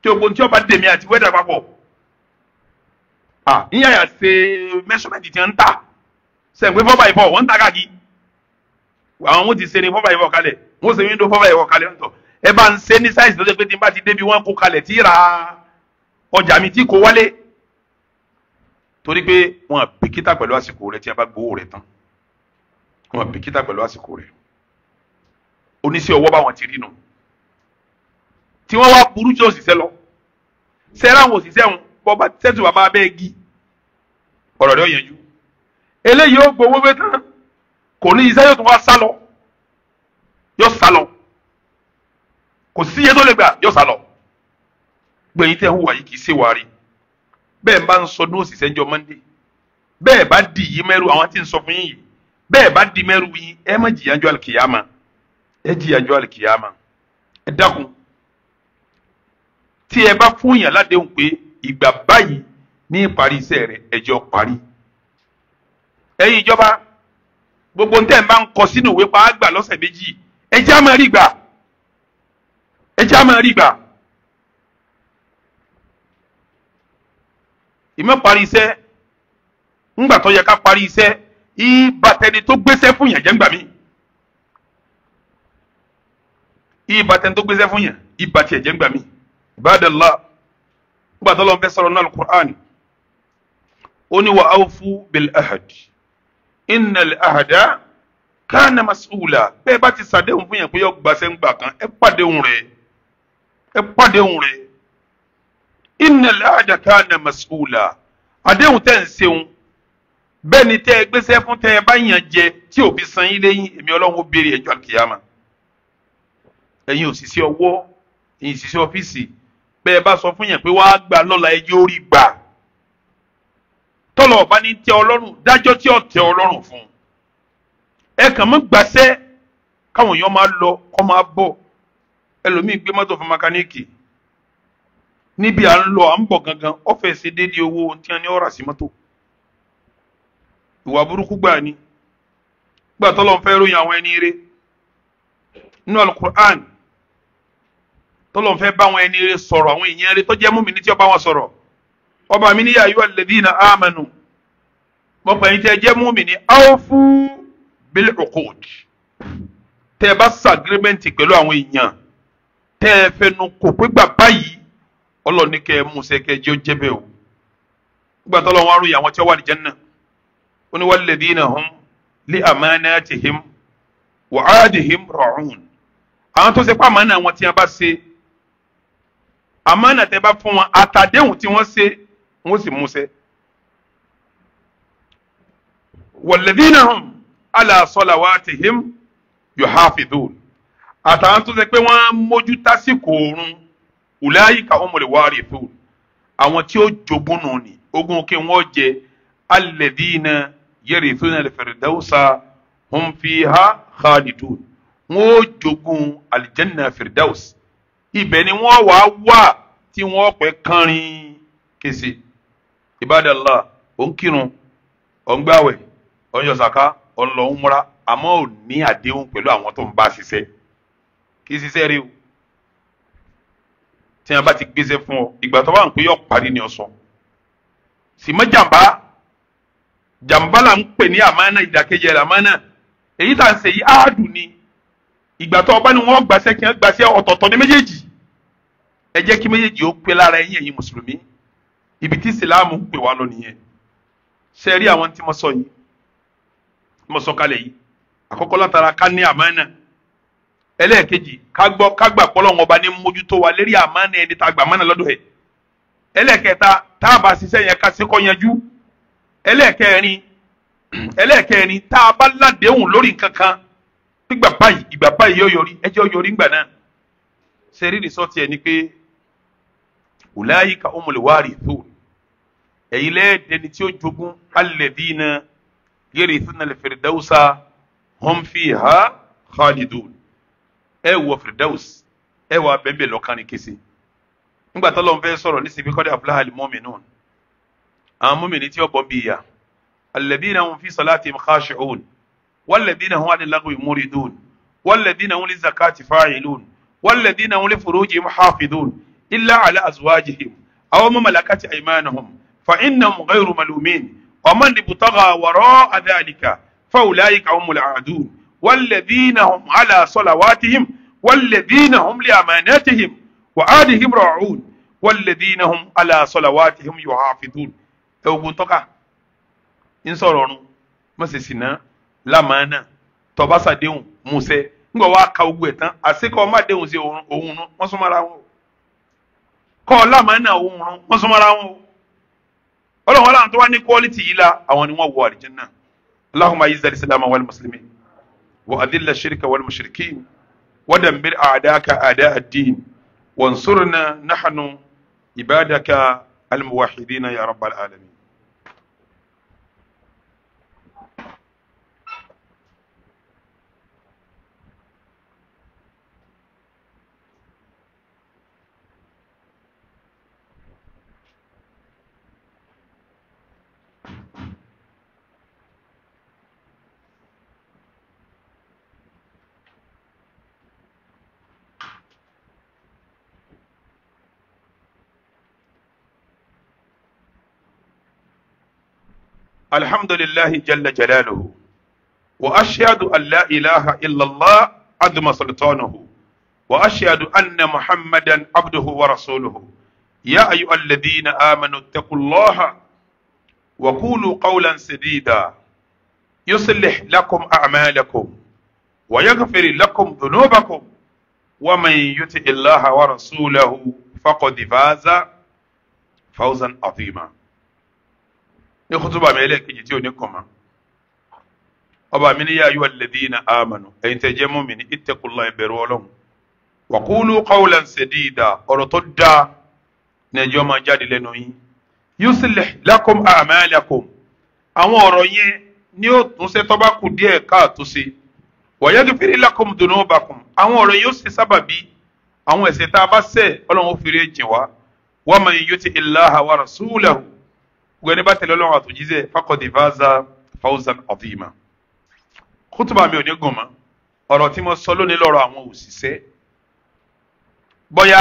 tí ogun tí ọba dèmi àti wẹ́dà papọ̀ ìyá yà ṣe measurement tí ń ta sẹ̀ǹgbé four by four wọ́n ń ta kàkí àwọn wọn ti ṣe ni four by four kalẹ̀ wọ́n ṣe window four by four kalẹ̀ ń tọ̀ ẹ bá ń ṣe ní size tó ṣe pé tí n bá ti débi wọ́n kó kalẹ̀ tí ra ọjà mi tí kò wálé torí pé wọn bìkítà pẹ̀lú àsìkò rẹ tí a bá gbowó rẹ tán wọn bìkítà pẹ̀lú àsìkò rẹ oníṣẹ́ ọwọ́ báwọn ti rí nu tí wọ́n wá burú tí òṣìṣẹ́ lọ sẹ́rà àwọn òṣìṣẹ́ wọn bọ́ba sẹ́tù bàbá abẹ́ gi ọ̀rọ̀ rẹ̀ yẹn ju eléyìí ó gbowó pé tán kò ní iṣẹ́ yóò tún wá sá lọ yóò sá lọ kò síye tó lè gbà yóò sá lọ gbẹ̀yìn tẹ̀ hùwà yìí kì í ṣèwà rí i bẹ́ẹ̀ bá ń sọ ní òṣìṣẹ́ jọ mọ́ndé bẹ́ẹ̀ bá di yìí mẹ́rù àwọn tí ń sọ fún yìí bẹ́ẹ̀ bá di mẹ́rù yìí ẹ má jìyànjú àlìkìyàmà ẹ jìyànjú àlìkìyàmà ẹ dákun tí ẹ bá fún yàn ládéhùn pé ìgbà báyìí ní ìparí iṣẹ́ rẹ̀ ẹjọ́ parí ẹ̀yin ìjọba gbogbo ntẹ̀ ń bá ń kọ sínú ìwé pa á gbà lọ́sẹ̀ méjì ẹ já máa rí gbà ẹ já máa rí gbà. ìmọ̀ parí iṣẹ́ ńgbà tó yẹ ká parí iṣẹ́ ìbàtẹni tó gbéṣẹ́ fún yẹn jẹ́ ńgbà mí ìbàtẹni tó gbéṣẹ́ fún yẹn ìbàtì ẹ̀jẹ̀ ńgbà mí ìbádàlá ńgbà tó lọ́n fẹ́ sọ̀rọ̀ náà alukur'an ó ní wa bil ahad innal ahada kana mas'ula bẹ́ẹ̀ bá ti sàdéhùn fún yẹn pé yọ gbàṣẹ́ ńgbà kan ẹ pàdéhùn rẹ̀ ẹ pàdéhùn rẹ̀ innal ahda kana mas'ula àdéhùn tẹ́ ń ṣeun bẹ́ẹ̀ ni tẹ́ ẹ gbéṣẹ́ fún tẹ́ ẹ bá yàn jẹ tí òbí san yín lẹ́yìn èmi ọlọ́run ó béèrè ẹjọ́ àkìyàmà ẹ̀yin òṣìṣẹ́ ọwọ́ ẹ̀yin òṣìṣẹ́ ọ́fíìsì bẹ́ẹ̀ bá sọ fún yàn pé wàá gbà lọ́la ẹjọ́ orí gbà tọ́lọ̀ ọ̀bá ní tẹ́ ọlọ́run dájọ́ tí ọ̀ tẹ́ ọlọ́run fún ẹ kàn mọ́ gbàṣẹ́ káwọn èèyàn máa lọ kọ́ máa bọ̀ ẹlòmíì gbé mọ́tò fún mẹkáníìkì níbi à ń lọ à ń bọ̀ gangan ọ́fẹ́ ṣe déédéé owó ohun tí wọ́n ní ọ̀rà sí mọ́tò ìwà burúkú gbà ni gbà tọ́lọ̀ ń fẹ́ ròyìn àwọn ẹni rẹ̀ nínú alukur'an tọ́lọ̀ ń fẹ́ bá àwọn ẹni rẹ̀ sọ̀rọ̀ àwọn èèyàn rẹ̀ tó jẹ́ mùmínì tí ó wọn sọ̀rọ̀ ọba mi ní yà yọ alladhina amanu mọ̀pẹ́ yìí tẹ́ jẹ́ mùmínì awfu bil uqud tẹ́ ẹ bá sàgírímẹ́ǹtì pẹ̀lú àwọn èèyàn tẹ́ ẹ fẹnu kò pé gbà báyìí ọlọ́run ní kẹ́ ẹ mú sẹ́kẹ́ jẹ́ ó jẹ́ bẹ́ẹ̀ o nígbà tó lọ́wọ́ arúyà àwọn tí wọ́n wà ní Janna ó ní walladhina hum li amanatihim wa ahdihim ra'un àwọn tó ṣe pé àmánà àwọn tí wọ́n bá ṣe àmánà tẹ́ bá fún wọn àtàdéhùn tí wọ́n ṣe wọ́n sì mú sẹ́ walladhina hum ala salawatihim yuhafidhun àtàwọn tó ṣe pé wọ́n mójú tásìkò oorun ulaika humul warithun àwọn tí ó jogún nù ní ogún kí wọ́n jẹ alladhina yarithuna al-firdawsa hum fiha khalidun wọ́n ó jogún aljanna firdaus ibẹ̀ ni wọ́n wàá wà tí wọ́n pẹ́ kánrin kese ibadallah ó ń kírun ó ń ò ní àdéhùn pẹ̀lú àwọn tó ń bá ṣiṣẹ́ kì í ṣiṣẹ́ rí o tí wọn bá ti gbéṣẹ́ fún ọ ìgbà tó bá ń pè yọ parí ni ọ sọ sìmọ jàmbá jàmbá là ń pè ní àmánà ìdàkejì rẹ àmánà èyí tà ń ṣe yí áàdùn ni ìgbà tó ọba ni wọn gbàṣẹ kí wọn gbàṣẹ ọ̀tọ̀ọ̀tọ̀ ní méjèèjì ẹ jẹ́ kí méjèèjì ó pé lára ẹ̀yin ẹ̀yin mùsùlùmí ibi tí ìsìláàmù ń pè wá lọ nìyẹn ṣe rí àwọn tí mo sọ yìí mo sọ kalẹ̀ yìí àkọ́kọ́ látara ká ní àmánà ẹlẹ́ẹ̀kejì kágbọ́ kágbà pọ́lọ́wọ́n ọba ní mójútó wa lérí àmánà ẹni tá a gbà mánà lọ́dọ̀ ẹ̀ ẹlẹ́ẹ̀kẹta tá a bá ṣiṣẹ́ yẹn ká ṣekọ́ yanjú ẹlẹ́ẹ̀kẹrin ẹlẹ́ẹ̀kẹrin tá a bá ládéhùn lórí nǹkan kan gbígbà báyìí ìgbà báyìí yóò yọrí ẹjẹ́ yóò yọrí ńgbà náà ṣe rí rìsọ́ọ̀tì ẹ̀ ni pé ulaika umul warithun èyí lẹ́ẹ̀dẹ́ni tí ó jogún alladhina yarithuna al-firdawsa hum fiha khalidun ẹ wọ firdaus ẹ wọ abẹ́bẹ̀ lọ́kàn ní kése ńgbà tó lọ́n fẹ́ sọ̀rọ̀ ní síbi kọ́dà aflaha al-mu'minun àwọn mọ́mìnì tí ó bọ́ bí ìyá alladhina hum fi salatihim khashi'un walladhina hum 'anil lagwi muridun walladhina hum liz-zakati fa'ilun walladhina hum li furujihim hafidhun illa 'ala azwajihim aw ma malakati aymanuhum fa innahum ghayru malumin wa man ibtagha wara'a dhalika fa ulaika humul 'adun والذين هم على صلواتهم والذين هم لأماناتهم وعادهم راعون والذين هم على صلواتهم يحافظون ẹwùn tọ́ka ń sọ̀rọ̀ ọ̀run mọ̀sẹ̀sìnà lámàánà tọ́básàdéhùn musẹ́ ńgbọ̀ wá ka ogun ẹ̀ tán àṣekọ̀ ọmọdéhùn sí òun nu wọ́n súnmọ́ ara wọn o kọ́ lámàánà òun nu wọ́n súnmọ́ ara wọn o ọlọ́run ọlọ́run tó wá ní kọ́ọ́lìtì la àwọn ni wọ́n wọ àlìjẹ́ Allahumma ayyiz islam wal muslimin. وأذل الشرك والمشركين ودمر أعداءك أعداء الدين وانصرنا نحن عبادك الموحدين يا رب العالمين الحمد لله جل جلاله وأشهد أن لا إله إلا الله عظم سلطانه وأشهد أن محمدا عبده ورسوله يا أيها الذين آمنوا اتقوا الله وقولوا قولا سديدا يصلح لكم أعمالكم ويغفر لكم ذنوبكم ومن يطع الله ورسوله فقد فاز فوزا عظيما ní kutuba mi ẹlẹ́ẹ̀kejì tí o ní kọ̀mọ́ ọba mi ní yá ayú alladhina amanu ẹ̀yin tẹ́ jẹ́ mùmínì ittaqullaha ìbẹ̀rù ọlọ́run wa qulu qawlan sadida ọ̀rọ̀ tó dáa ní ẹjọ́ máa jáde lẹ́nu yín yuslih lakum a'malakum àwọn ọ̀rọ̀ yẹn ni ó tún ṣe tó bá kù díẹ̀ káàtó ṣe wa yaghfir lakum dunubakum àwọn ọ̀rọ̀ yẹn ó ṣe sábàbí àwọn ẹ̀ṣẹ̀ tá a bá ṣẹ̀ ọlọ́run ó fi wa man yuti illaha wa rasulahu gbogbo ẹni bá tẹ̀lé ọlọ́run àtòjíṣẹ́ fakọ̀dé vaza fawzan azima kútùbà mi ò ní gùn mọ́ ọ̀rọ̀ tí mo sọ lónìí lọ́rọ̀ àwọn òṣìṣẹ́ bọ́yá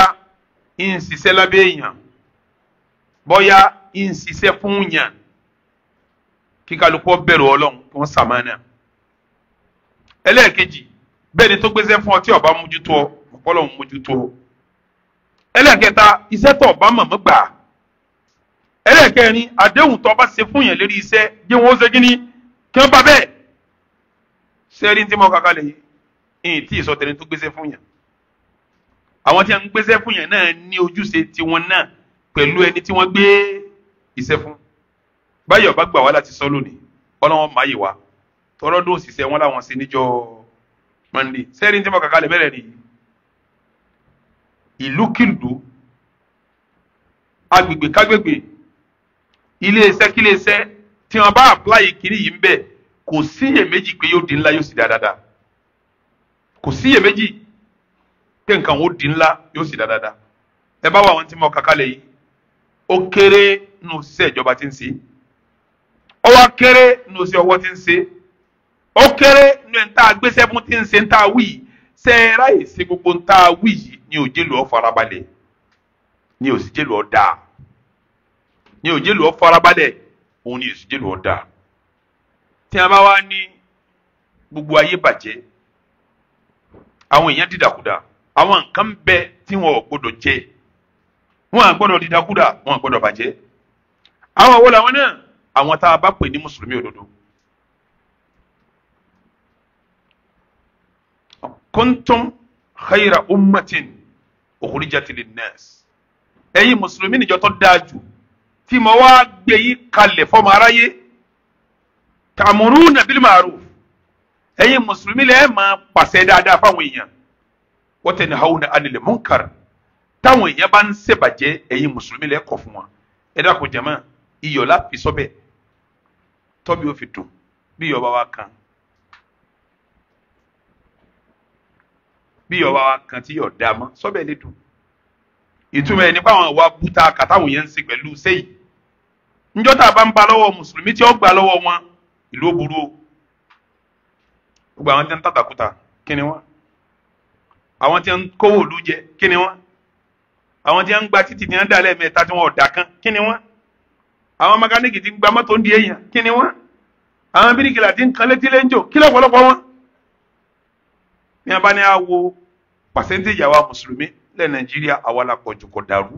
ń ṣiṣẹ́ lábẹ́ èèyàn bọ́yá ń ṣiṣẹ́ fún yàn kí kálukú bẹ̀rù ọlọ́run kí wọ́n sàmánà ẹlẹ́ẹ̀kejì bẹ́ẹ̀ ni tó gbéṣẹ́ fún ọ tí ọba mójútó ọ ọpọlọ mójútó ọ ẹlẹ́ẹ̀kẹta tó ọba mọ̀mọ́ gbà á ẹlẹ́ẹ̀kẹrin àdéhùn tó bá ṣe fún yẹn lérí iṣẹ́ jẹ́ wọn ó ṣe kíní kí wọ́n bá bẹ́ẹ̀ sẹ́rí tí mo kàkà lè yìí tí ìsọtẹ̀ni tó gbéṣẹ́ fún yẹn àwọn tí a ń gbéṣẹ́ fún yẹn náà ní ojúṣe tiwọn náà pẹ̀lú ẹni tí wọ́n gbé iṣẹ́ fún báyọ̀ bá gbà wá láti sọ lónìí ọlọ́wọ́n máa yè wá tọ́lọ́dún òṣìṣẹ́ wọn làwọn ṣe níjọ́ mọ́ndé sẹ́rí tí mo kàkà lè bẹ̀rẹ̀ nìyí ìlú kìlú agbègbè kágbègbè ile ise tí ise bá àpláyé kiri yìí ń bẹ̀ kò síyèméjì pé yóò di ńlá yóò sì dá dáadáa kò pé nǹkan ó di ńlá yóò sì dá dáadáa ẹ bá wà wọn tí mo kà kalẹ̀ yìí ó kéré nù sí ìjọba tí ń ṣe ó wá kéré nù sí ọwọ́ tí ń ṣe ó kéré nù ẹ̀ ń a gbogbo ń ni òjèlú ni òsìjèlú ní òjèlú ọ farabalẹ̀ òun ni èsì jèlú ọ dáa tí a bá wá ní gbogbo ayé bàjẹ́ àwọn èèyàn dìdàkudà àwọn nǹkan bẹ tí wọn ò gbọdọ̀ jẹ wọn à gbọdọ̀ dìdàkudà wọn à gbọdọ̀ bàjẹ́ àwọn wo làwọn náà àwọn tá a bá pè ní mùsùlùmí òdodo. kuntum khayra ummatin ukhrijat lin nas ẹ̀yin mùsùlùmí níjọ tó dáa jù tí mo wá gbé yí kalẹ̀ fọmọ aráyé ta'muruna bil ma'ruf ẹ̀yin mùsùlùmí lẹ́ máa pàṣẹ dáadáa fáwọn èèyàn wa tanhawna 'anil munkar táwọn èèyàn bá ń ṣèbàjẹ́ ẹ̀yin mùsùlùmí lẹ́ kọ̀ fún wọn ẹ dákun jàmá iyọ̀ láfi sọ́bẹ̀ tọ́bi ó fi dùn bí iyọ̀ bá kan bí iyọ̀ bá wá kan tí iyọ̀ dá mọ́ sọ́bẹ̀ lè dùn ìtumọ̀ ẹ̀ nípa àwọn ìwà búta kàtàwọn yẹn ń ṣe pẹ̀lú sẹ́yìn njọ́ tá a bá ń ba lọ́wọ́ mùsùlùmí tí ó gbà lọ́wọ́ wọn ìlú òbúrú o gbogbo àwọn tí ń tàtàkùtà kí ni wọn àwọn tí ń kówó òlu jẹ kí ni wọn àwọn tí ń gba títì tí ń dà lẹ́ẹ̀mẹ́ta tí wọn ò dà kan kí ni wọn àwọn mẹkáníìkì tí ń gba mọ́tò ń di èèyàn kí ni wọn àwọn bíríkìlà tí ń kan létí léńjò kí lọ́pọ̀lọpọ̀ wọn ní a bá ní àwa mùsùlùmí lẹ́ Nàìjíríà àwa la pọ̀jù kò dàrú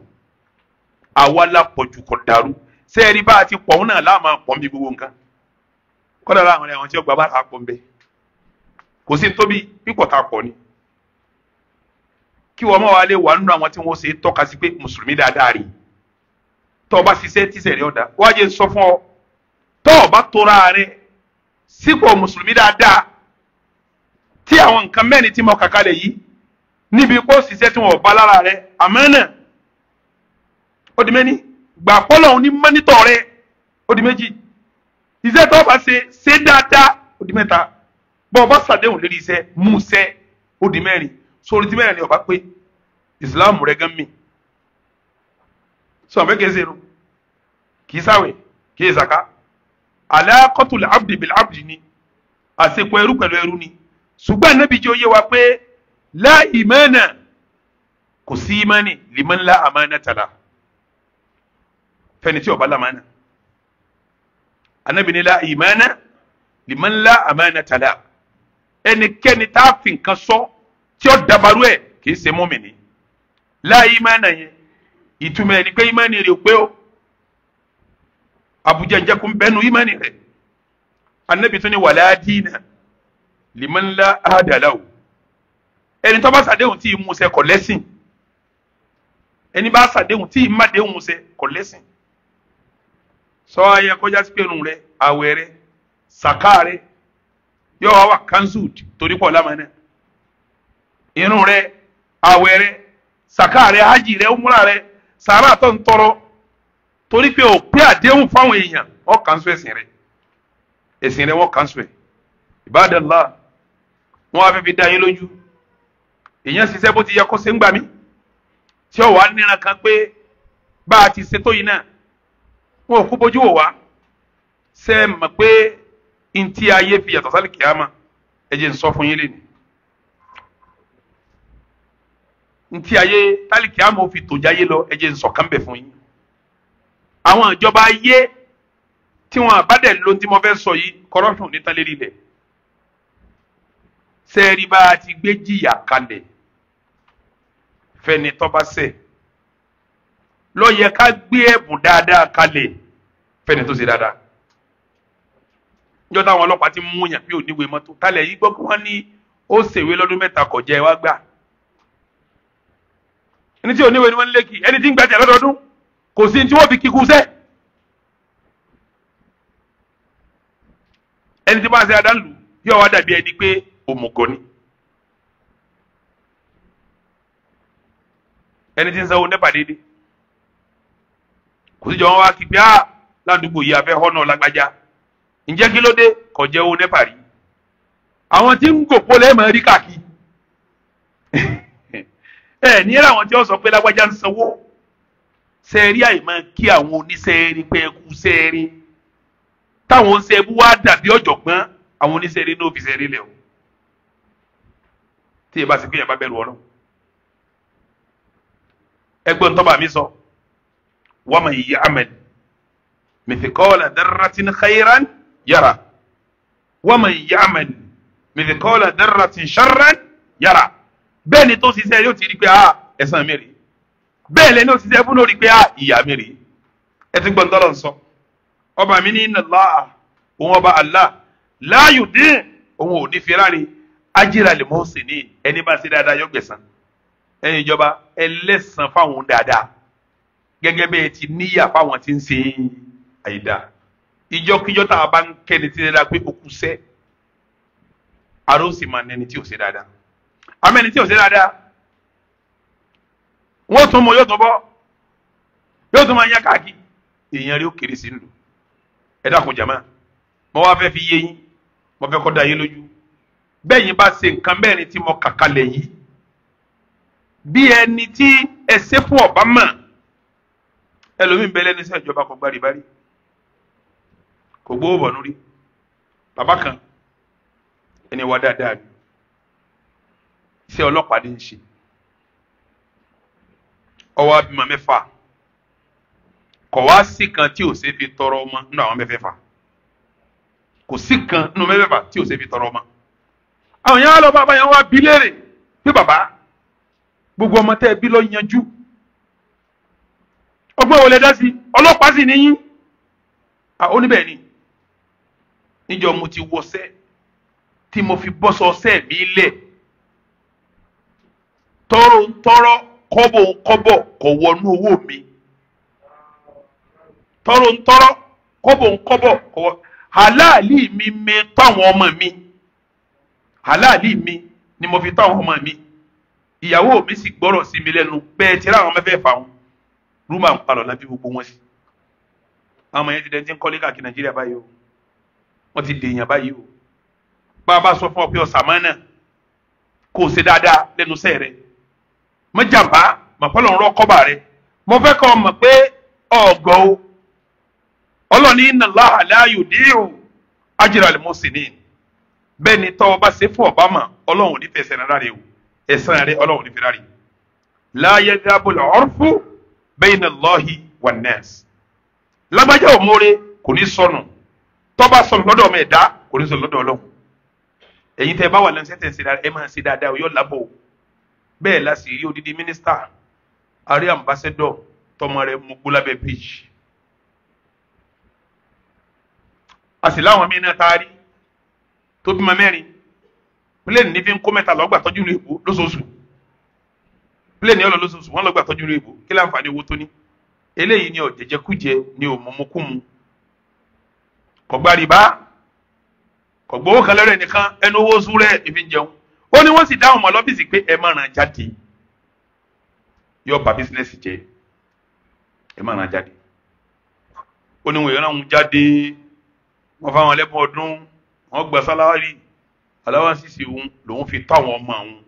àwa la pọ̀jù kò dàrú ṣé ẹ rí bá a ti pọ̀ náà láàmú pọ̀ níbi gbogbo nǹkan kọ́dà láwọn ẹ̀wọ̀n tí ó gba bá a pọ̀ ń bẹ kò sí tóbi pípọ̀ tá a pọ̀ ni kí wọ́n mọ̀ wá lé wà nínú àwọn tí wọ́n ṣe tọ́ka sí pé mùsùlùmí dáadáa rèé tọ́ ọba ṣiṣẹ́ tíṣẹ̀ rí ọ̀dà wọ́n á jẹ́ sọ fún ọ tọ́ ọba tora rẹ sípò mùsùlùmí dáadáa tí àwọn nǹkan mẹ́rin tí mo kàkà yìí níbi kó ṣiṣẹ́ tí wọ́n bá lára rẹ àmọ́ náà ó di mẹ́ni gbà pọ́lọ́hún ní mọ́nítọ̀ rẹ ó di méjì iṣẹ́ tó bá ṣe ṣe dáadáa ó di mẹ́ta bọ́ ọba ṣàdéhùn lérí iṣẹ́ mú iṣẹ́ ó di mẹ́rin sórí tí mẹ́rin ni ọba pé ìsìláàmù rẹ gán mi sọ àmẹ́kẹ́ ṣe irun kì í sáwẹ̀ kì í zaka aláàkọ́tù abdi bil abdi ni àṣepọ̀ ẹrú pẹ̀lú ẹrú ni ṣùgbọ́n anábì jẹ́ òye wa pé láì mẹ́nà kò sí ìmánì liman la amánátàlá fẹ́ni tí ó bá lamana anabi ni la imana liman la amana tala ẹnikẹ́ni tá a fi nǹkan sọ tí ó dabaru ẹ̀ kì í ṣe mọ́mìnì la imana yẹn ìtumọ̀ ẹni pé imani rẹ̀ pé o abuja njẹ́kun bẹ́nu imani rẹ̀ anabi tún ni wàlá dínà liman la adala o ẹni tó bá ṣàdéhùn tí ì mú ṣẹ kò lẹ́sìn ẹni bá ṣàdéhùn tí ì má déhùn ṣẹ kò lẹ́sìn. sọ ayẹ kọjá sí pẹ̀lú rẹ àwẹ̀ rẹ sàká wà cancelled torí pọ̀ lámàánà irun rẹ àwẹ̀ rẹ sàká rẹ hajj rẹ umra rẹ sàrà tó o pé àdéhùn fáwọn èèyàn ọ cancel ẹ̀sìn rẹ ẹ̀sìn rẹ wọ́n cancel ẹ̀ ìbádàlá wọn á fẹ́ fi dá ti ya kó ṣe ngba mi ti se na. wọn ò kú bójú wò wá ṣe é mọ̀ pé ntí ayé fi yàtọ̀ sálì kìáma ẹ jẹ́ n sọ fún yín lẹ́nu ntí ayé sálì kìáma ò fi tòjá yé lọ ẹ jẹ́ n sọ kán bẹ̀ fún yín àwọn ìjọba ayé tí wọn àbádẹ ló ń tí mo fẹ́ sọ yìí corruption ní tálẹ́rì lẹ̀ sẹ́ẹ̀rì bá a ti gbé jìyà kalẹ̀ fẹ́ni tọ́ba sẹ́ẹ̀ ló yẹ ká gbé ẹ̀bùn dáadáa kalẹ̀ fẹ́ni tó ṣe dáadáa níjọ́ táwọn ọlọ́pàá ti mú yàn bí ò níwèé mọ́tò talẹ̀ yìí gbọ́ pé wọ́n ní ó ṣèwé lọ́dún mẹ́ta kò jẹ́ wá gbà ẹni tí ò ni wọ́n lé kì ẹni tí ń gbàjẹ́ lọ́dọọdún kò sí ní tí wọ́n fi kíkú sẹ́ ẹni tí bá ṣe adánlù yóò wá dàbí ẹni pé òmùgọ̀ ni. ẹni tí ń sanwó nípa déédéé òsìjọ wọn wá kí pé ah ládùúgbò yìí afẹ́ họ́nà lágbájá ǹjẹ́ kí ló dé kò jẹ́ owó nẹ́pà rí àwọn tí ń gòkó lẹ́ẹ̀mọ́ rí káàkiri ẹ ní ẹ̀rọ àwọn tí wọ́n sọ pé lágbájá ń sanwó sẹ́ẹ̀rí àìmọ́ kí àwọn oníṣẹ́ẹ̀rí pé ẹkú sẹ́ẹ̀rí táwọn oníṣẹ́ẹ̀bú wá dàbí ọ̀jọ̀gbọ́n àwọn oníṣẹ́ẹ̀rí ní òfìsẹ́ rí lẹ̀ o tí ẹ sì pé yẹn bá bẹ̀rù ọ̀rọ̀ ẹgbẹ́ ń tọ́ba mi sọ. So ومن يعمل مثقال ذرة خيرا يرى ومن يعمل مثقال ذرة شرا يرى bẹ́ẹ̀ ni tó ṣiṣẹ́ yóò ti rí pé ah ẹ̀san mi rèé bẹ́ẹ̀ lẹ́ni ó ṣiṣẹ́ fún lórí pé ah ìyà mi rèé ẹ ti gbọ́n tọ́lọ̀ ń sọ ọba mi ní inna Allah òun ọba Allah la yudin òun ò ní fi ráre ajira lil muhsinin ẹni bá ṣe dáadáa yóò gbẹ̀san ẹ̀yin ìjọba ẹlẹ́san fáwọn dáadáa gẹ́gẹ́ bẹ́ẹ̀ ti níyà fáwọn tí ń ṣe àyídá ìjọkíjọ tá a bá ń kẹ́ni tí dáadáa pé okú sẹ́ arósì máa nẹni tí ò ṣe dáadáa amẹ́ni tí ò ṣe dáadáa wọ́n tún mọ yóò tún bọ́ yóò tún máa yán káàkiri èèyàn rí ó kéré sí nù ẹ dákun jàmá mo wá fẹ́ fi yé yín mo fẹ́ kọ́ da yín lójú bẹ́ẹ̀ yín bá ṣe nǹkan mẹ́rin tí mo kà yìí bí ẹni tí ẹsẹ̀ fún ọ̀bá mọ̀ ẹlòmíín bẹ lẹ́nu iṣẹ́ ìjọba kò gba rìbá rí kò gbówó bọ̀nú rí bàbá kan ẹni wá dáadáa rí iṣẹ́ ọlọ́pàá ní í ṣe ọwọ́ abimọ mẹ́fà kọ̀ wá sí kan tí ò ṣe fi tọrọ ọmọ nínú àwọn mẹ́fẹ̀ẹ̀fà kò sí kan nínú mẹ́fẹ̀ẹ̀fà tí ò ṣe fi tọrọ ọmọ àwọn yẹn á lọ bàbá yẹn wá pé bàbá gbogbo ọmọ tẹ́ ẹ bí lọ yanjú ọgbọ́n wo lẹ dá sí ọlọ́pàá sì níyìn ó níbẹ̀ ni níjọ mo ti wọṣẹ́ tí mo fi bọ́ sọṣẹ́ mi lẹ̀ tọrọ tọrọ kọ́bọ̀ kọ́bọ̀ kò wọnú owó mi tọrọ tọrọ kọ́bọ̀ kọ́bọ̀ kò wọ halali mi mi táwọn ọmọ mi halali mi ni mo fi táwọn ọmọ mi ìyàwó mi sì gbọ́rọ̀ sí mi lẹ́nu bẹ́ẹ̀ tí ra àwọn ọmọ fẹ́ fà wọn rúmà ń palọ̀ lábí gbogbo wọn sí àwọn ọmọ yẹn ti dẹ́ntì ń kọ́lé káàkiri nàìjíríà báyìí o wọ́n ti dèèyàn báyìí o bá a bá sọ fún ọ pé ọ̀sà máa nà kó o ṣe dáadáa lẹ́nu sẹ́ rẹ mọ jàmbá màpọ́lọ̀ ń rọ́ kọ́bà rẹ mo fẹ́ kọ́ mọ̀ pé ọ̀gọ́ o ọlọ́ni inna Allaha la yudi'u ajra al-muhsinin bẹ́ẹ̀ ni tọ́ bá ṣe fún ọ̀bá mà ọlọ́run ò ní fẹsẹ̀ rárá rẹ o ẹ̀sán rẹ ọlọ́run ò ní fẹ́ rárá rẹ la yadhabul urfu bayna Allahi wan nas lágbájá òmóore kò ní sọnù tọ́ba sọnù lọ́dọ̀ ọmọ ẹ̀dá kò ní sọnù lọ́dọ̀ Ọlọ́run ẹ̀yin tẹ́ bá wà lẹ́nu sẹ́tẹ̀ ẹ máa ṣe dáadáa yóò lábọ̀ bẹ́ẹ̀ la sì rí odidi mínísítà àrí ambassador tọmọ rẹ̀ mugbó lábẹ́ péjì láwọn míín náà taari tó bímọ mẹ́rin pílẹ̀nì ní fi mẹ́ta lọ́gbà tọ́jú lóṣooṣù plane yọ lọ lóṣooṣù wọn lọ gbà tọ́jú rẹ̀ èbò kí láǹfààní owó tó ní eléyìí ni ọ̀jẹ̀jẹ̀kújẹ ni òmùmùkùmù kọ̀gbá rìbá kọ̀gbọ́ owó kan lọ́rọ̀ ẹnìkan ẹnu owó oṣù rẹ̀ ìfi ń jẹun ó ní wọ́n sì dáhùn mọ́ lọ́fíìsì pé ẹ má ràn jáde yóò bà bísínẹ́sì jẹ́ ẹ má ràn jáde ó ní wọn ìran òun jáde wọn fáwọn ẹlẹ́bùn ọdún wọn gbà sálárì aláwọ̀ sísè òun lòun fi tọ́ àwọn ọmọ àwọn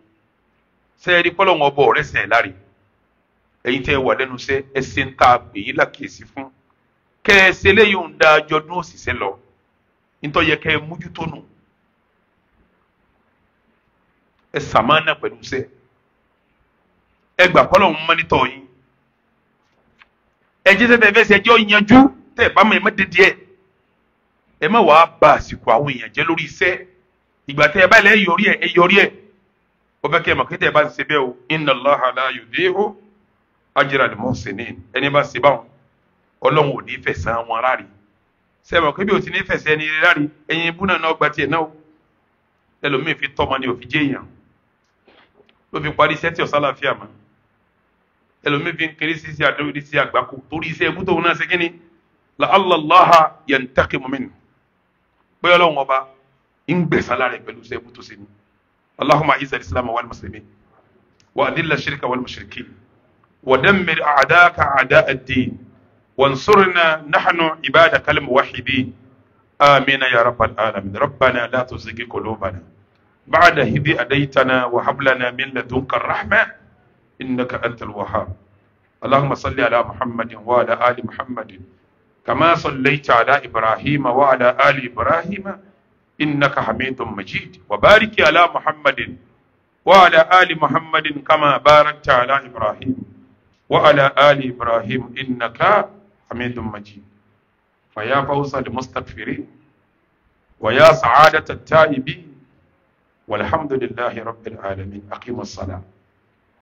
sẹ́ẹ̀rí pọ́lọ́wọ́n ọbọ̀ rẹ̀ sẹ̀ láre ẹ̀yin tẹ́ ẹ wà lẹ́nu iṣẹ́ ẹ ṣe ń ta èyí làkèsí fún kẹ́ ẹ ṣe léyìí ń da àjọdún òṣìṣẹ́ lọ nítorí yẹ kẹ́ ẹ mójútó nù ẹ sàmánà pẹ̀lú iṣẹ́ ẹ gbà pọ́lọ́wọ́n mọ́nítọ̀ yín ẹ jẹ́ sẹ́tẹ̀ fẹ́ sẹ́jọ́ yanjú tẹ́ ẹ bá mọ̀ ẹ má dédé ẹ ẹ má wàá ba àsìkò àwọn èèyàn jẹ́ lórí iṣẹ́ ìgbà tẹ́ ẹ bá ilẹ̀ ẹ yọrí ẹ ẹ yọrí ẹ ó fẹ́ kí ẹ mọ̀ kí tẹ̀ o inna Allaha la yudi'u ajra al-muhsinin ẹni bá ṣe báwọn ọlọ́run ò ní fẹ̀sán wọn rárí sẹ́wọ̀n kébí ò ti ní fẹ̀sẹ̀ ẹni rárí ẹ̀yin ibú náà náà gba tiẹ̀ náà ẹlòmíì fi tọ́ ọmọ ni òfin jẹ́ èèyàn ló fi parí iṣẹ́ tí ọ̀sán láfíà mọ́ ẹlòmíì fi ń kiri sí sí àdó ìdí sí àgbákò torí iṣẹ́ ibú tóun náà ṣe la alalaha yantakimu minhu pé ọlọ́run ọba ń gbẹ̀sán lára ẹ̀ pẹ̀lú iṣẹ́ ibú tó ni اللهم اعز الاسلام والمسلمين واذل الشرك والمشركين ودمر اعداءك اعداء الدين وانصرنا نحن عبادك الموحدين امين يا رب العالمين ربنا لا تزغ قلوبنا بعد هدي اديتنا وهب لنا من لدنك الرحمه انك انت الوهاب اللهم صل على محمد وعلى ال محمد كما صليت على ابراهيم وعلى ال ابراهيم إنك حميد مجيد وبارك على محمد وعلى آل محمد كما باركت على إبراهيم وعلى آل إبراهيم إنك حميد مجيد فيا فوز المستغفرين ويا سعادة التائبين والحمد لله رب العالمين أقيم الصلاة